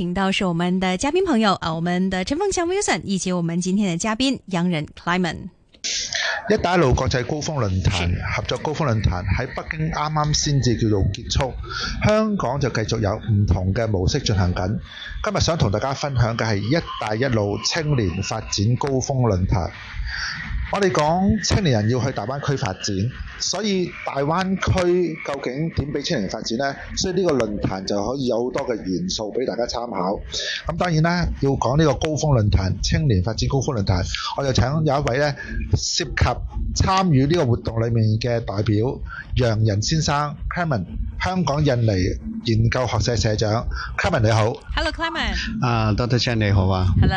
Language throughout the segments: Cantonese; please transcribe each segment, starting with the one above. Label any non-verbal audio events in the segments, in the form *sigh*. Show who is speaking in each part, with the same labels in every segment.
Speaker 1: 請到是我們的嘉賓朋友啊， *noise* 我們的陳鳳祥 Wilson 以及我們今天的嘉賓楊仁 Clement。
Speaker 2: 一帶一路國際高峰論壇合作高峰論壇喺北京啱啱先至叫做結束，香港就繼續有唔同嘅模式進行緊。今日想同大家分享嘅係一帶一路青年發展高峰論壇。我哋講青年人要去大灣區發展，所以大灣區究竟點俾青年人發展呢？所以呢個論壇就可以有好多嘅元素俾大家參考。咁、嗯、當然啦，要講呢個高峰論壇，青年發展高峰論壇，我就請有一位呢涉及參與呢個活動裏面嘅代表楊仁先生 Clement 香港印尼研究學社社長 Clement 你好。Hello，Clement、uh, Doctor Chan，你好啊。Hello。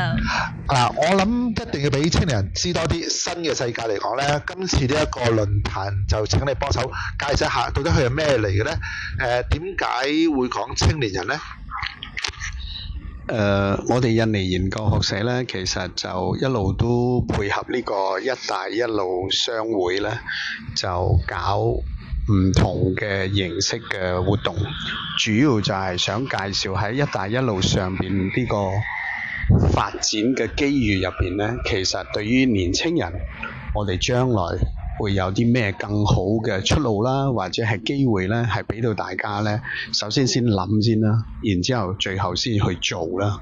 Speaker 2: 嗱、啊，我諗一定要俾青年人知多啲新。嘅世界嚟講呢，今次呢一個論壇就請你幫手解釋下，到底佢係咩嚟嘅呢？誒，點解會講青年人呢？
Speaker 1: 誒，我哋印尼研究學社呢，其實就一路都配合呢個「一帶一路」商會呢，就搞唔同嘅形式嘅活動，主要就係想介紹喺「一帶一路」上邊呢個。發展嘅機遇入邊呢，其實對於年青人，我哋將來會有啲咩更好嘅出路啦，或者係機會呢，係俾到大家呢。首先先諗先啦，然之後最後先去做啦。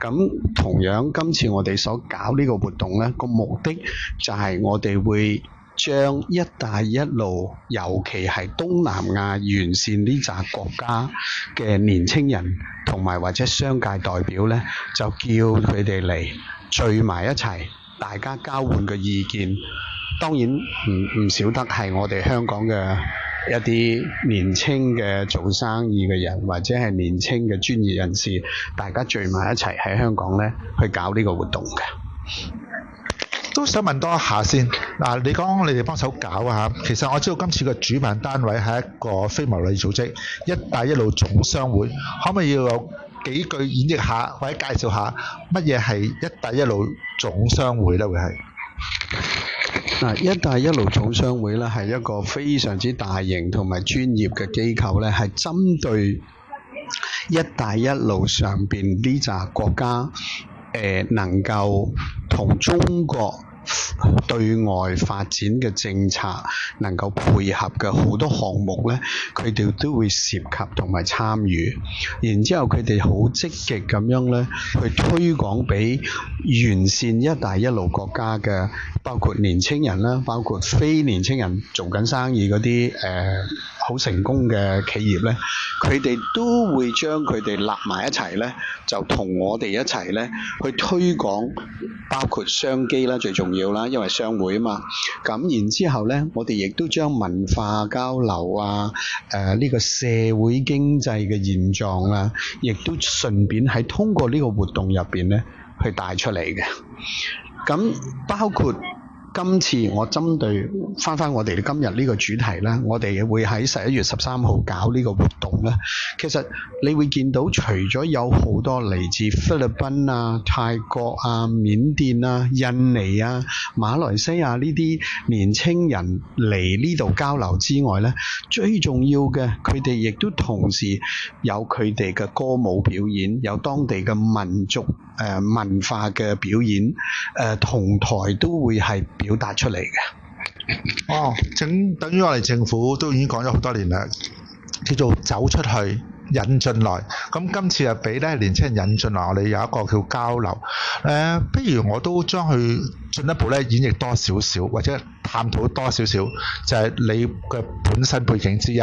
Speaker 1: 咁同樣今次我哋所搞呢個活動呢，個目的就係我哋會。將「一帶一路」尤其係東南亞沿線呢扎國家嘅年輕人同埋或者商界代表呢，就叫佢哋嚟聚埋一齊，大家交換個意見。當然唔唔少得係我哋香港嘅一啲年輕嘅做生意嘅人，或者係年輕嘅專業人士，大家聚埋一齊喺香港呢，去搞呢
Speaker 2: 個活動嘅。都想問多一下先，嗱，你講你哋幫手搞下，其實我知道今次個主辦單位係一個非牟利組織——一帶一路總商會，可唔可以有幾句演繹下或者介紹下乜嘢係一帶一路總商會呢？會係，
Speaker 1: 嗱，一帶一路總商會呢係一個非常之大型同埋專業嘅機構呢，係針對一帶一路上邊呢拃國家。誒，能夠同中國。對外發展嘅政策能夠配合嘅好多項目咧，佢哋都會涉及同埋參與。然之後，佢哋好積極咁樣咧，去推廣俾沿線一帶一路國家嘅，包括年青人啦，包括非年青人做緊生意嗰啲誒好成功嘅企業咧，佢哋 *noise* 都會將佢哋立埋一齊咧，就同我哋一齊咧去推廣包括商機啦，最重要。要啦，因為商會啊嘛，咁然之後咧，我哋亦都將文化交流啊，誒、呃，呢、呢個社會經濟嘅現狀啊，亦都順便係通過呢個活動入邊咧去帶出嚟嘅。咁包括。今次我針對翻翻我哋今日呢個主題啦，我哋會喺十一月十三號搞呢個活動咧。其實你會見到，除咗有好多嚟自菲律賓啊、泰國啊、緬甸啊、印尼啊、馬來西亞呢啲年青人嚟呢度交流之外咧，最重要嘅，佢哋亦都同時有佢哋嘅歌舞表演，有當地嘅民族誒、呃、文化嘅表演，誒、呃、同台都會
Speaker 2: 係。表達出嚟嘅哦，整等於我哋政府都已經講咗好多年啦，叫做走出去。引進來，咁今次又俾咧年青人引進來，我哋有一個叫交流。誒、呃，不如我都將佢進一步咧演繹多少少，或者探討多少少，就係、是、你嘅本身背景之一，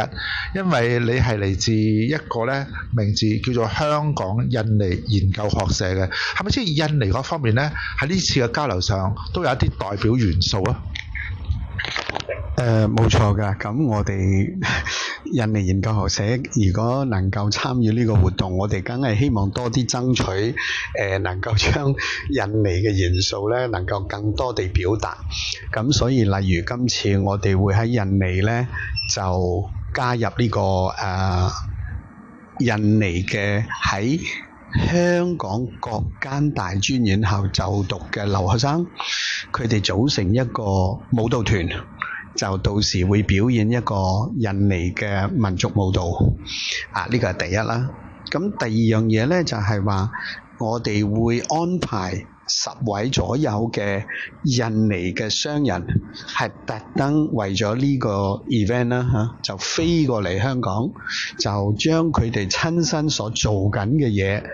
Speaker 2: 因為你係嚟自一個咧名字叫做香港印尼研究學社嘅，係咪即係印尼嗰方面咧喺呢次嘅交流上都有一啲代表元素啊？誒，冇錯噶，咁我哋
Speaker 1: 印尼研究學社如果能夠參與呢個活動，我哋梗係希望多啲爭取，誒、呃，能夠將印尼嘅元素咧，能夠更多地表達。咁所以，例如今次我哋會喺印尼咧，就加入呢、這個誒、呃，印尼嘅喺香港各間大專院校就讀嘅留學生，佢哋組成一個舞蹈團，就到時會表演一個印尼嘅民族舞蹈。啊，呢個係第一啦。咁第二樣嘢咧，就係話我哋會安排。十位左右嘅印尼嘅商人，係特登為咗呢個 event 啦、啊、吓，就飛過嚟香港，就將佢哋親身所做緊嘅嘢。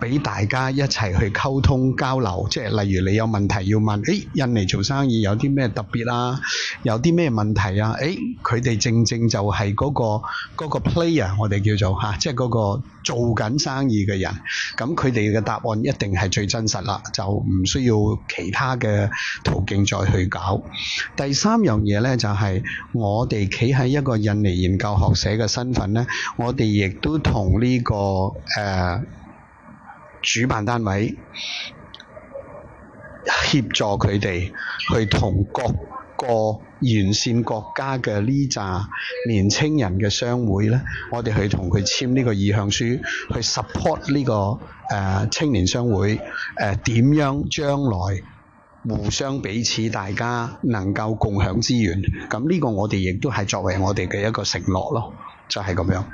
Speaker 1: 俾大家一齊去溝通交流，即係例如你有問題要問，誒、哎、印尼做生意有啲咩特別啦、啊？有啲咩問題啊？誒，佢哋正正就係嗰個嗰個 player，我哋叫做嚇、啊，即係嗰個做緊生意嘅人。咁佢哋嘅答案一定係最真實啦，就唔需要其他嘅途徑再去搞。第三樣嘢呢，就係我哋企喺一個印尼研究學社嘅身份呢，我哋亦都同呢個誒。呃主辦單位協助佢哋去同各個完善國家嘅，呢揸年青人嘅商會咧，我哋去同佢簽呢個意向書，去 support 呢個誒、呃、青年商會誒，呃，點樣將來互相彼此大家能夠共享資源，咁呢個我哋亦都係作為我哋嘅一個承諾咯，就係咁樣。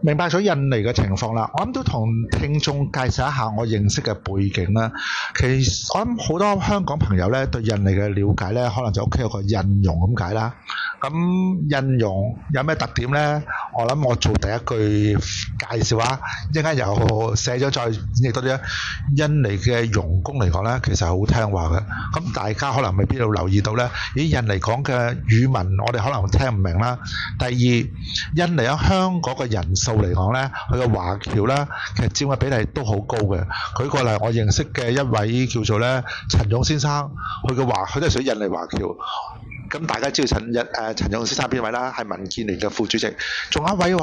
Speaker 2: 明白咗印尼嘅情況啦，我諗都同聽眾介紹一下我認識嘅背景啦。其實我諗好多香港朋友咧對印尼嘅了解咧，可能就屋企有個印傭咁解啦。咁、嗯、印尼有咩特點呢？我諗我做第一句介紹啊！又寫一陣間由社長再演繹多啲印尼嘅傭工嚟講呢，其實好聽話嘅。咁、嗯、大家可能未必會留意到呢，咦，印尼講嘅語文，我哋可能聽唔明啦。第二，印尼喺香港嘅人數嚟講呢，佢嘅華僑呢，其實佔嘅比例都好高嘅。舉個例，我認識嘅一位叫做呢陳勇先生，佢嘅華，佢都係屬於印尼華僑。咁大家知道陳日誒、呃、陳勇先生係邊位啦？係民建聯嘅副主席，仲有一位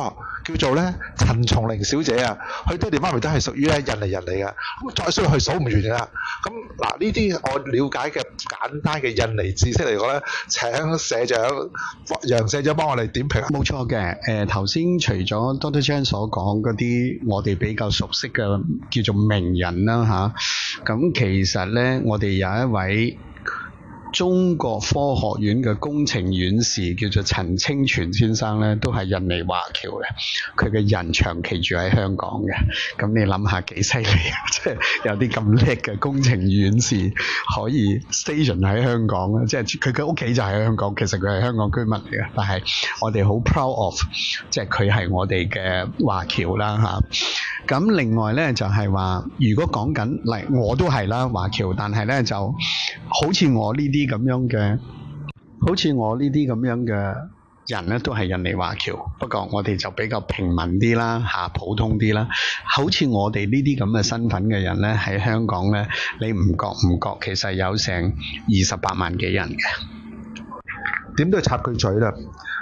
Speaker 2: 叫做咧陳松玲小姐啊，佢爹地媽咪都係屬於咧印尼人嚟噶。再需要去數唔完噶。咁嗱呢啲我了解嘅簡單嘅印尼知識嚟講咧，請社長楊社長幫我哋
Speaker 1: 點評。冇錯嘅，誒頭先除咗 Doctor Chan 所講嗰啲我哋比較熟悉嘅叫做名人啦吓，咁、啊、其實咧我哋有一位。中國科學院嘅工程院士叫做陳清泉先生咧，都係印尼華僑嘅。佢嘅人長期住喺香港嘅，咁你諗下幾犀利啊！即 *laughs* 係有啲咁叻嘅工程院士可以 station 喺香港咧，即係佢佢屋企就喺香港。其實佢係香港居民嚟嘅，但係我哋好 proud of，即係佢係我哋嘅華僑啦吓，咁另外咧就係話如果講緊嚟我都係啦華僑，但係咧就好似我呢啲。咁樣嘅，好似我呢啲咁樣嘅人呢，都係印尼華僑，不過我哋就比較平民啲啦，吓普通啲啦。好似我哋呢啲咁嘅身份嘅人呢，喺香港呢，你唔覺唔覺，其實有成二十八萬幾人嘅。
Speaker 2: 點都要插佢嘴啦！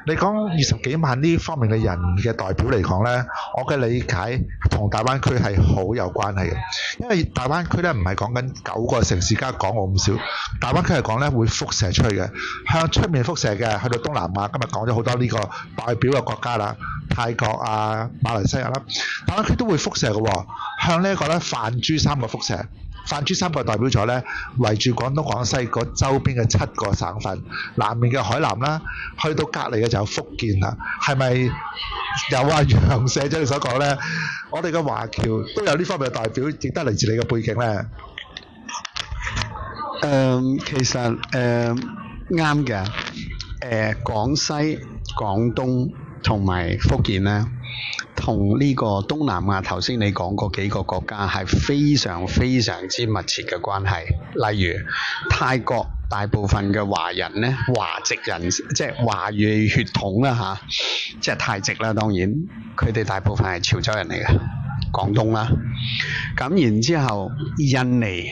Speaker 2: 你講二十幾萬呢方面嘅人嘅代表嚟講呢，我嘅理解同大灣區係好有關係嘅，因為大灣區呢，唔係講緊九個城市加港澳咁少，大灣區係講呢會輻射出去嘅，向出面輻射嘅，去到東南亞今日講咗好多呢個代表嘅國家啦，泰國啊、馬來西亞啦，大灣區都會輻射嘅，向呢一個呢泛珠三角輻射。泛珠三角代表咗呢圍住廣東、廣西個周邊嘅七個省份，南面嘅海南啦，去到隔離嘅就有福建啦。係咪有啊？楊社長你所講呢，我哋嘅華僑都有呢方面嘅代表，值得嚟自你嘅背景呢。誒、um,，
Speaker 1: 其實誒啱嘅，誒、uh, 廣、uh, 西、廣東同埋福建呢。同呢個東南亞頭先你講過幾個國家係非常非常之密切嘅關係，例如泰國大部分嘅華人呢，華籍人即係華裔血統啦嚇，啊，即係泰籍啦，當然佢哋大部分係潮州人嚟嘅，廣東啦。咁然之後，印尼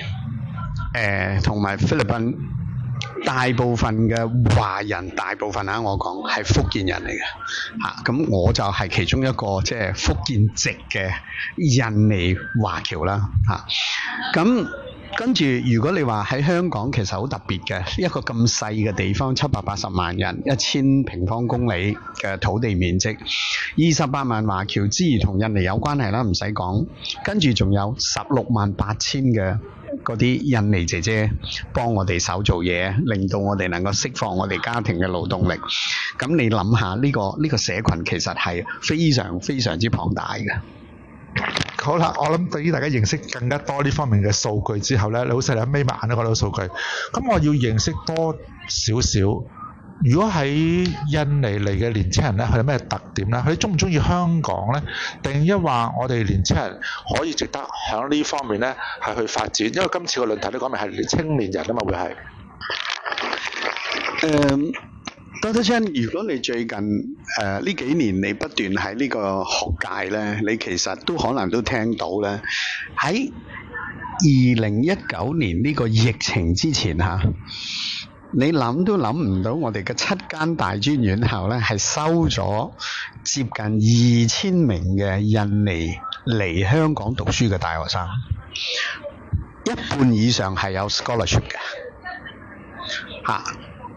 Speaker 1: 誒同埋菲律賓。大部分嘅華人，大部分啊，我講係福建人嚟嘅，嚇、啊、咁我就係其中一個即係、就是、福建籍嘅印尼華僑啦，嚇、啊、咁。啊跟住，如果你話喺香港，其實好特別嘅一個咁細嘅地方，七百八十萬人，一千平方公里嘅土地面積，二十八萬華僑之餘同印尼有關係啦，唔使講。跟住仲有十六萬八千嘅嗰啲印尼姐姐幫我哋手做嘢，令到我哋能夠釋放我哋家庭嘅勞動力。咁你諗下呢
Speaker 2: 個呢個社群其實係非常非常之龐大嘅。好啦，我諗對於大家認識更加多呢方面嘅數據之後呢，老細你眯埋眼都睇到數據。咁我要認識多少少？如果喺印尼嚟嘅年青人呢，佢有咩特點呢？佢中唔中意香港呢？定一話我哋年青人可以值得響呢方面呢係去發展？因為今次個論壇都講明係青年人啊嘛，會係。
Speaker 1: 嗯。多多張，如果你最近誒呢、呃、幾年你不斷喺呢個學界呢，你其實都可能都聽到咧。喺二零一九年呢個疫情之前嚇、啊，你諗都諗唔到，我哋嘅七間大專院校呢，係收咗接近二千名嘅印尼嚟香港讀書嘅大學生，一半以上係有 scholarship 嘅嚇。啊。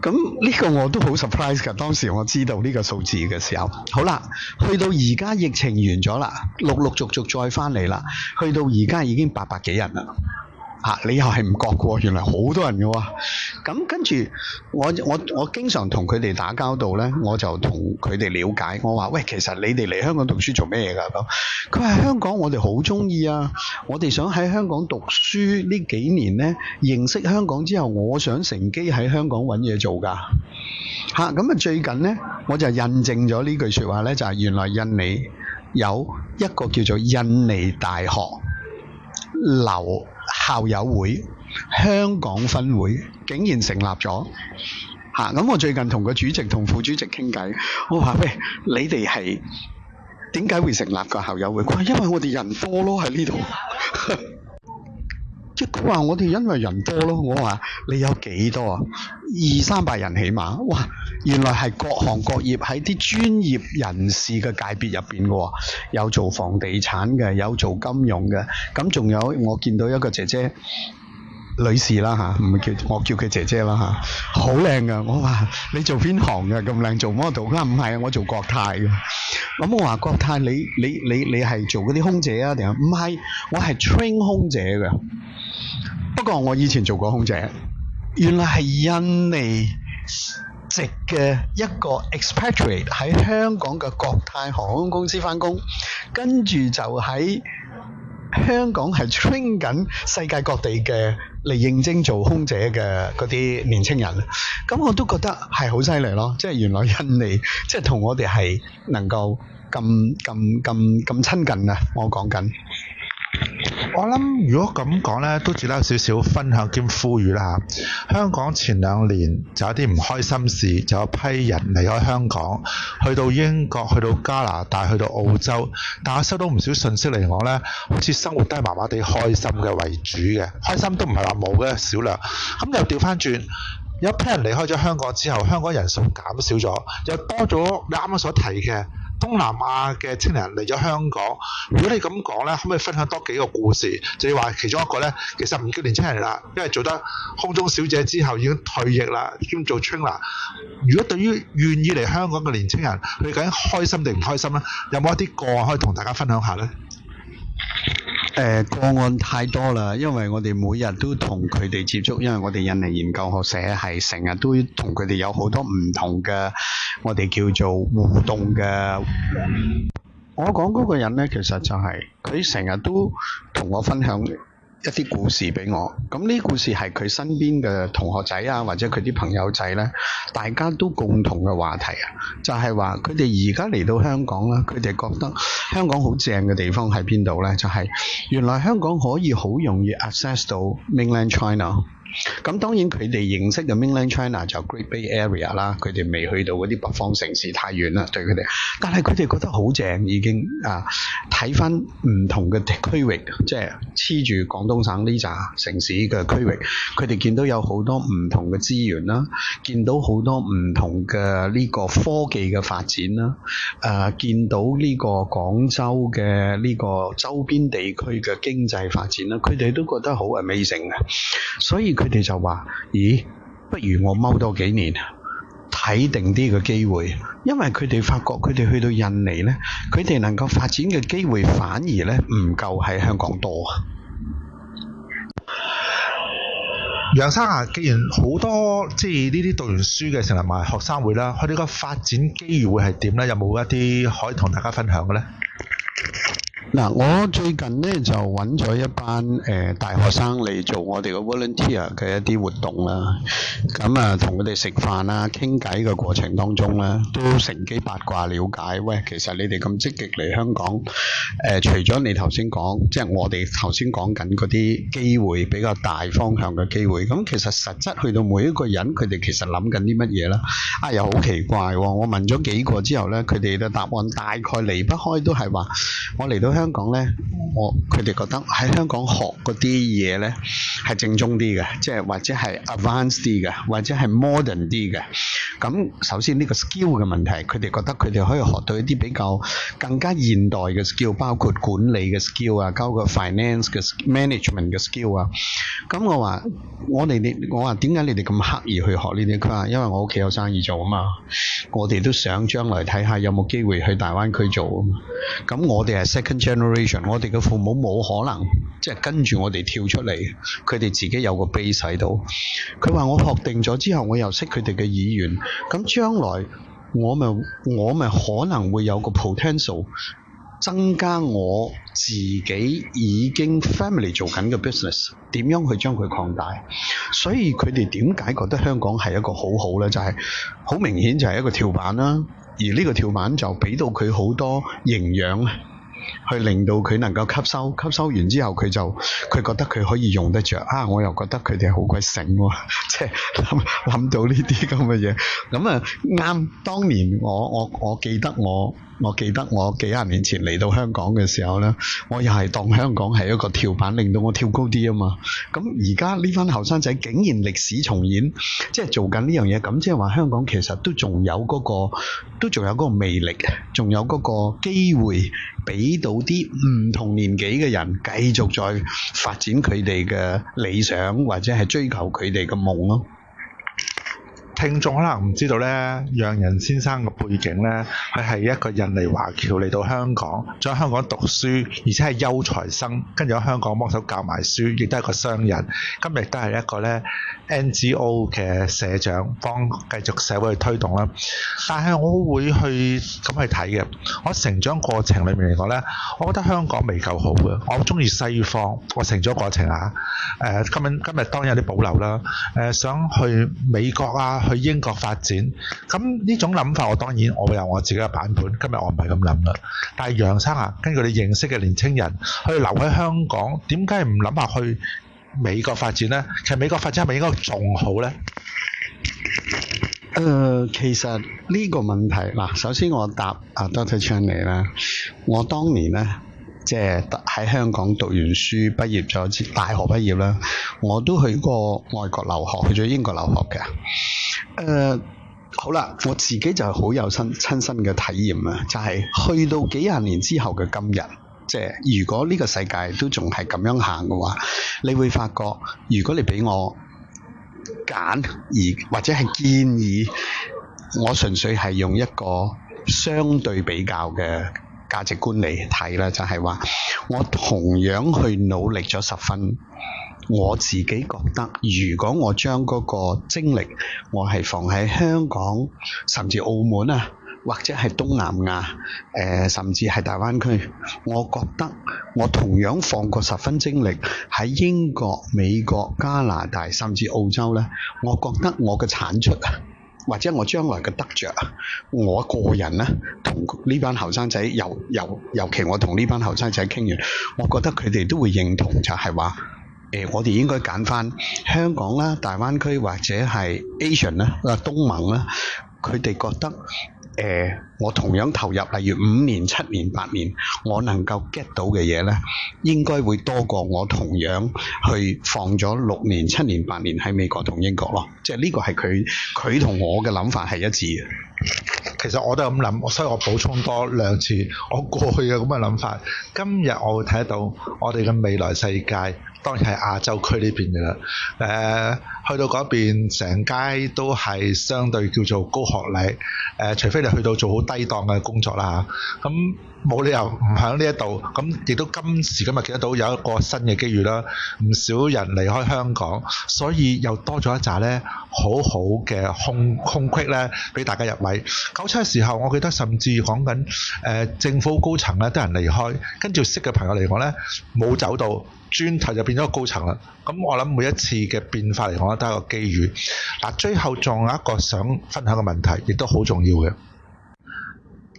Speaker 1: 咁呢個我都好 surprise 噶，當時我知道呢個數字嘅時候，好啦，去到而家疫情完咗啦，陸陸續續再翻嚟啦，去到而家已經八百幾人啦。嚇、啊！你又係唔覺喎，原來好多人嘅喎。咁、啊、跟住我我我經常同佢哋打交道呢，我就同佢哋了解。我話：喂，其實你哋嚟香港讀書做咩嘢㗎？咁佢話：香港我哋好中意啊！我哋想喺香港讀書呢幾年呢，認識香港之後，我想乘機喺香港揾嘢做㗎。嚇、啊！咁啊、嗯、最近呢，我就印證咗呢句説話呢，就係、是、原來印尼有一個叫做印尼大學留校友會香港分會竟然成立咗，嚇、啊！咁我最近同個主席同副主席傾偈，我話：喂，你哋係點解會成立個校友會？佢話：因為我哋人多咯，喺呢度。 *laughs* 即佢話我哋因為人多咯，我話你有幾多啊？二三百人起碼，哇！原來係各行各業喺啲專業人士嘅界別入邊嘅喎，有做房地產嘅，有做金融嘅，咁仲有我見到一個姐姐女士啦，嚇，唔、啊、叫我叫佢姐姐啦，嚇，好靚嘅。我話你做邊行嘅咁靚做 model？佢、啊、話唔係，我做國泰嘅。咁我話國泰你你你你係做嗰啲空姐啊定唔係？我係 train 空姐嘅。不過我以前做過空姐，原來係印尼籍嘅一個 expatriate 喺香港嘅國泰航空公司翻工，跟住就喺香港係 train 緊世界各地嘅嚟應徵做空姐嘅嗰啲年青人。咁、嗯、我都覺得係好犀利咯，即係原來印尼即係同我哋係能夠咁咁咁咁親近啊！我講緊。
Speaker 2: 我諗如果咁講呢，都值得有少少分享兼呼籲啦嚇。香港前兩年就有啲唔開心事，就有批人離開香港，去到英國、去到加拿大、去到澳洲，但我收到唔少信息嚟講呢，好似生活都係麻麻地開心嘅為主嘅，開心都唔係話冇嘅少量。咁又調翻轉，有一批人離開咗香港之後，香港人數減少咗，又多咗你啱啱所提嘅。東南亞嘅青年嚟咗香港，如果你咁講呢，可唔可以分享多幾個故事？就要話其中一個呢，其實唔叫年輕人嚟啦，因為做得空中小姐之後已經退役啦，兼做 trainer。如果對於願意嚟香港嘅年輕人，佢哋究竟開心定唔開心呢？有冇一啲個案可以同大家分享下呢？
Speaker 1: 誒、呃、個案太多啦，因為我哋每日都同佢哋接觸，因為我哋印尼研究學社係成日都同佢哋有好多唔同嘅，我哋叫做互動嘅。我講嗰個人呢，其實就係佢成日都同我分享。一啲故事畀我，咁呢故事係佢身邊嘅同學仔啊，或者佢啲朋友仔咧，大家都共同嘅話題啊，就係話佢哋而家嚟到香港啦，佢哋覺得香港好正嘅地方喺邊度咧？就係原來香港可以好容易 access 到 Mainland China。咁當然佢哋認識嘅 Mainland China 就 Great Bay Area 啦，佢哋未去到嗰啲北方城市太遠啦，對佢哋。但係佢哋覺得好正已經啊，睇翻唔同嘅區域，即係黐住廣東省呢紮城市嘅區域，佢哋見到有好多唔同嘅資源啦，見到好多唔同嘅呢個科技嘅發展啦，誒、呃，見到呢個廣州嘅呢個周邊地區嘅經濟發展啦，佢哋都覺得好 amazing 嘅，所以。佢哋就話，咦，不如我踎多幾年睇定啲個機會，因為佢哋發覺佢哋去到印尼呢，佢哋能夠發展嘅機會反而呢唔夠喺香
Speaker 2: 港多啊。楊生啊，既然好多即係呢啲讀完書嘅，成日埋學生會啦，佢哋個發展機遇會係點呢？有冇一啲可以同大家分享嘅呢？嗱、啊，我
Speaker 1: 最近咧就揾咗一班誒、呃、大學生嚟做我哋個 volunteer 嘅一啲活動啦。咁啊，同佢哋食飯啊傾偈嘅過程當中咧，都乘機八卦了解。喂，其實你哋咁積極嚟香港，誒、呃、除咗你頭先講，即係我哋頭先講緊啲機會比較大方向嘅機會，咁其實實質去到每一個人，佢哋其實諗緊啲乜嘢啦？啊、哎，又好奇怪、哦、我問咗幾個之後咧，佢哋嘅答案大概離不開都係話我嚟到香香港咧，我佢哋覺得喺香港學嗰啲嘢咧係正宗啲嘅，即係或者係 advanced 啲嘅，或者係 modern 啲嘅。咁首先呢個 skill 嘅問題，佢哋覺得佢哋可以學到一啲比較更加現代嘅 skill，包括管理嘅 skill 啊，包括 finance 嘅 management 嘅 skill 啊。咁我話：我哋你我話點解你哋咁刻意去學呢啲？佢話：因為我屋企有生意做啊嘛，我哋都想將來睇下有冇機會去大灣區做啊嘛。咁我哋係 second job。generation，我哋嘅父母冇可能即係跟住我哋跳出嚟，佢哋自己有個 base 喺度。佢話，我確定咗之後，我又識佢哋嘅意願。咁將來我咪我咪可能會有個 potential 增加我自己已經 family 做緊嘅 business，點樣去將佢擴大？所以佢哋點解覺得香港係一個好好咧？就係、是、好明顯就係一個跳板啦、啊，而呢個跳板就俾到佢好多營養去令到佢能夠吸收，吸收完之後佢就佢覺得佢可以用得着啊！我又覺得佢哋好鬼醒，即係諗諗到呢啲咁嘅嘢。咁啊啱，當年我我我記得我。我記得我幾廿年前嚟到香港嘅時候咧，我又係當香港係一個跳板，令到我跳高啲啊嘛。咁而家呢班後生仔竟然歷史重演，即係做緊呢樣嘢。咁即係話香港其實都仲有嗰個，都仲有嗰個魅力，仲有嗰個機會，畀到啲唔同年紀嘅人繼續再發展佢哋嘅理想，或者係追求佢哋嘅夢咯。
Speaker 2: 聽眾可能唔知道呢，楊仁先生嘅背景呢，佢係一個印尼華僑嚟到香港，在香港讀書，而且係優才生，跟住喺香港幫手教埋書，亦都係一個商人，今日亦都係一個呢 NGO 嘅社長，幫繼續社會去推動啦。但係我會去咁去睇嘅，我成長過程裏面嚟講呢，我覺得香港未夠好嘅，我中意西方。我成長過程啊，誒、呃，今日今日當然有啲保留啦，誒、呃，想去美國啊。去英國發展，咁呢種諗法我當然我會有我自己嘅版本。今日我唔係咁諗啦。但係楊生啊，根據你認識嘅年青人去留喺香港，點解唔諗下去美國發展呢？其實美國發展係咪應該仲好呢？誒、呃，其實呢個問題嗱，首先我
Speaker 1: 答啊 Doctor Chang 你啦。Chan，我當年呢，即係喺香港讀完書畢業咗，大學畢業啦，我都去過外國留學，去咗英國留學嘅。誒，uh, 好啦，我自己就係好有親親身嘅體驗啊，就係去到幾廿年之後嘅今日，即係如果呢個世界都仲係咁樣行嘅話，你會發覺，如果你俾我揀，而或者係建議，我純粹係用一個相對比較嘅價值觀嚟睇啦，就係話我同樣去努力咗十分。我自己覺得，如果我將嗰個精力，我係放喺香港甚至澳門啊，或者係東南亞，誒、呃，甚至係大灣區，我覺得我同樣放過十分精力喺英國、美國、加拿大甚至澳洲咧，我覺得我嘅產出啊，或者我將來嘅得着啊，我個人呢，同呢班後生仔由，由尤其由、由，尤其我同呢班後生仔傾完，我覺得佢哋都會認同就，就係話。誒、呃，我哋應該揀翻香港啦、大灣區或者係 Asian 啦、啊、東盟啦。佢哋覺得誒、呃，我同樣投入例如五年、七年、八年，我能夠 get 到嘅嘢呢，應該會多過我同樣去放咗六年、七年、八年喺美國同英國咯。即係呢個係佢佢同我嘅諗法係一致嘅。
Speaker 2: 其實我都係咁諗，所以我補充多兩次我過去嘅咁嘅諗法。今日我會睇得到我哋嘅未來世界。當然係亞洲區呢邊嘅啦，誒、呃、去到嗰邊成街都係相對叫做高學歷，誒、呃、除非你去到做好低檔嘅工作啦咁。啊嗯冇理由唔喺呢一度，咁亦都今時今日見得到有一個新嘅機遇啦。唔少人離開香港，所以又多咗一紮呢，好好嘅空空隙呢俾大家入位。九七嘅時候，我記得甚至講緊、呃、政府高層呢，都有人離開，跟住識嘅朋友嚟講呢，冇走到專題就變咗個高層啦。咁我諗每一次嘅變化嚟講咧都係個機遇。嗱，最後仲有一個想分享嘅問題，亦都好重要嘅。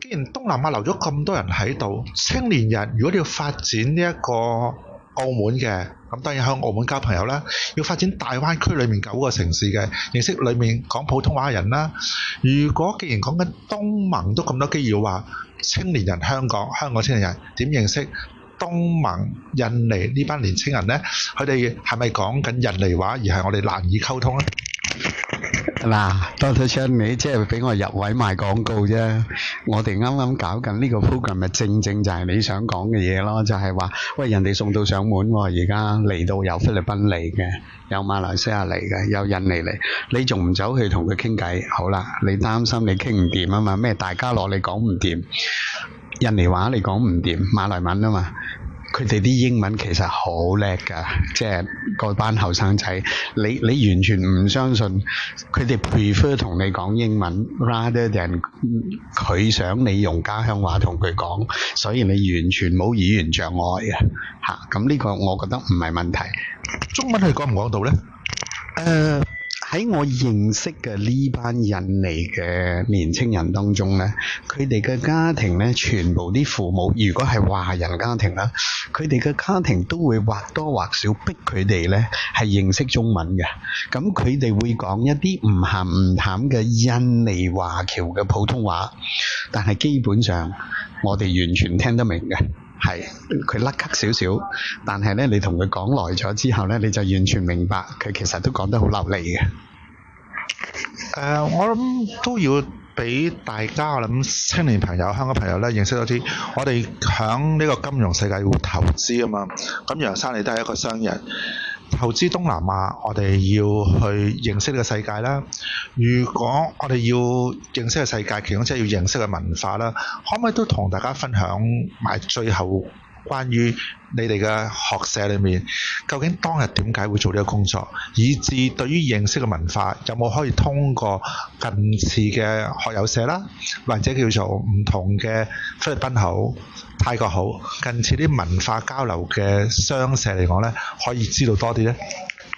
Speaker 2: 既然東南亞留咗咁多人喺度，青年人如果你要發展呢一個澳門嘅，咁當然向澳門交朋友啦。要發展大灣區裡面九個城市嘅認識，裡面講普通話嘅人啦。如果既然講緊東盟都咁多機遇，話青年人香港香港青年人點認識東盟印尼呢班年青人呢？佢哋係咪講緊印尼話，而係我哋難以溝通呢？嗱，多得昌你即係俾我入位賣廣告啫。我哋
Speaker 1: 啱啱搞緊呢個 program，咪正正就係你想講嘅嘢咯。就係話，喂，人哋送到上門喎，而家嚟到有菲律賓嚟嘅，有馬來西亞嚟嘅，有印尼嚟，你仲唔走去同佢傾偈？好啦，你擔心你傾唔掂啊嘛？咩大家樂你講唔掂，印尼話你講唔掂，馬來文啊嘛。佢哋啲英文其實好叻㗎，即係嗰班後生仔，你你完全唔相信佢哋 prefer 同你講英文，rather than 佢想你用家鄉話同佢講，所以你完全冇語言障礙啊！嚇，咁呢個我覺得唔係問題。中文佢講唔講到咧？誒、uh。喺我認識嘅呢班印尼嘅年青人當中呢，佢哋嘅家庭呢，全部啲父母如果係華人家庭啦，佢哋嘅家庭都會或多或少逼佢哋呢係認識中文嘅。咁佢哋會講一啲唔咸唔淡嘅印尼華僑嘅普通話，但係基本上我哋完全聽得明嘅。係，佢甩咳少少，但係呢，你同佢講耐咗之後呢，你就完全明白，佢其實都講得好流利
Speaker 2: 嘅，呃。我諗都要俾大家，我諗青年朋友、香港朋友咧，認識多啲。我哋響呢個金融世界會投資啊嘛，咁楊生你都係一個商人。投資東南亞，我哋要去認識呢個世界啦。如果我哋要認識嘅世界，其中即係要認識嘅文化啦，可唔可以都同大家分享埋最後？關於你哋嘅學社裏面，究竟當日點解會做呢個工作，以至對於認識嘅文化，有冇可以通過近似嘅學友社啦，或者叫做唔同嘅菲律賓好、泰國好，近似啲文化交流嘅商社嚟講呢？可以知道多啲呢。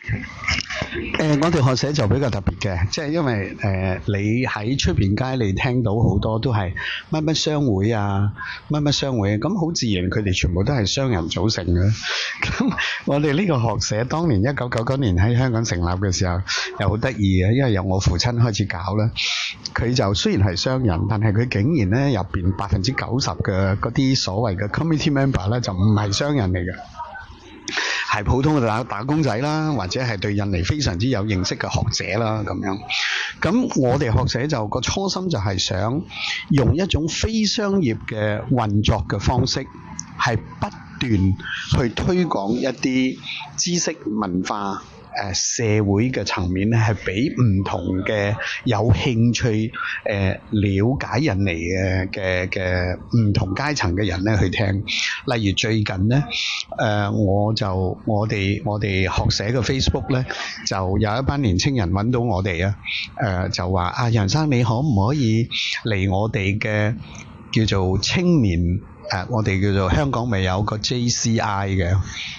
Speaker 2: 誒、呃，我哋學社就比較
Speaker 1: 特別嘅，即係因為誒、呃，你喺出邊街你聽到好多都係乜乜商會啊，乜乜商會、啊，咁好自然佢哋全部都係商人組成嘅。咁 *laughs* 我哋呢個學社當年一九九九年喺香港成立嘅時候又好得意嘅，因為由我父親開始搞啦。佢就雖然係商人，但係佢竟然咧入邊百分之九十嘅嗰啲所謂嘅 committee member 咧就唔係商人嚟嘅。係普通嘅打打工仔啦，或者係對印尼非常之有認識嘅學者啦，咁樣。咁我哋學者就個初心就係想用一種非商業嘅運作嘅方式，係不斷去推廣一啲知識文化。誒，社會嘅層面咧，係俾唔同嘅有興趣、誒、呃、了解人嚟嘅嘅嘅唔同階層嘅人咧去聽。例如最近咧，誒、呃、我就我哋我哋學社嘅 Facebook 咧，就有一班年青人揾到我哋、呃、啊，誒就話啊，楊生你可唔可以嚟我哋嘅叫做青年？誒，uh, 我哋叫做香港咪有個 JCI 嘅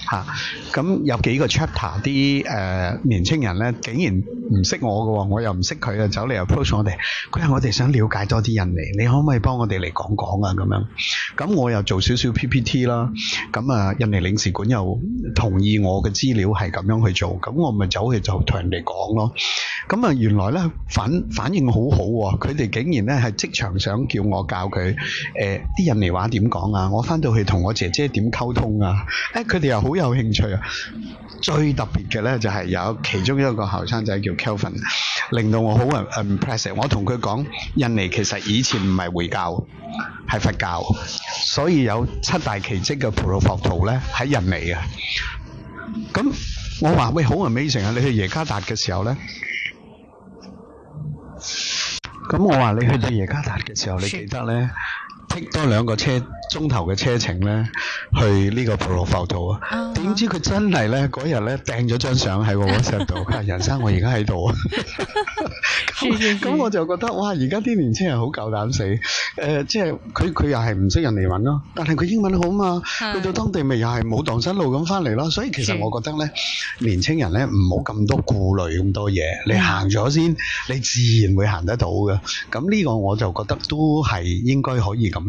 Speaker 1: 吓，咁、uh, 有幾個 chapter 啲誒、uh, 年青人咧，竟然唔識我嘅、哦，我又唔識佢啊，走嚟又 p o s t 我哋，佢話我哋想了解多啲人嚟，你可唔可以幫我哋嚟講講啊？咁樣，咁我又做少少 PPT 啦，咁啊，印尼領事館又同意我嘅資料係咁樣去做，咁我咪走去就同人哋講咯。咁啊，原來咧反反應好好、哦、喎，佢哋竟然咧係即場想叫我教佢誒啲印尼話點講。講啊！我返到去同我姐姐點溝通啊？誒、欸，佢哋又好有興趣啊！最特別嘅呢，就係有其中一個後生仔叫 Kelvin，令到我好啊 impressive。我同佢講，印尼其實以前唔係回教，係佛教，所以有七大奇蹟嘅婆羅浮屠呢，喺印尼啊。咁我話「喂，好 amazing 啊！你去耶加達嘅時候呢？」咁我話「你去到耶加達嘅時候，你記得呢？」多兩個車鐘頭嘅車程咧，去呢個婆羅浮屠啊！點知佢真係咧嗰日咧掟咗張相喺 WhatsApp 度，人生我而家喺度啊！咁我就覺得哇，而家啲年青人好夠膽死誒！即係佢佢又係唔識人哋文咯，但係佢英文好嘛？去到當地咪又係冇蕩失路咁翻嚟咯。所以其實我覺得咧，年青人咧唔好咁多顧慮咁多嘢，你行咗先，你自然會行得到嘅。咁呢個我就覺得都係應該可以咁。